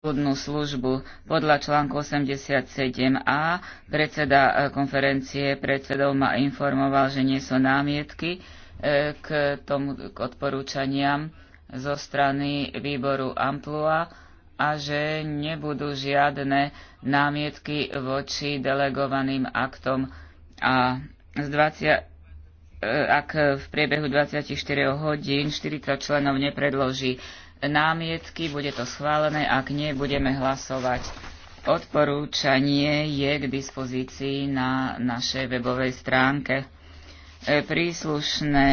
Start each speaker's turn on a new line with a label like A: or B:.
A: súdnu službu. Podľa článku 87a predseda e, konferencie predsedov ma informoval, že nie sú námietky e, k, tomu, k odporúčaniam zo strany výboru Amplua a že nebudú žiadne námietky voči delegovaným aktom a z 20. E, ak v priebehu 24 hodín 40 členov nepredloží námietky, bude to schválené, ak nie, budeme hlasovať. Odporúčanie je k dispozícii na našej webovej stránke. E, príslušné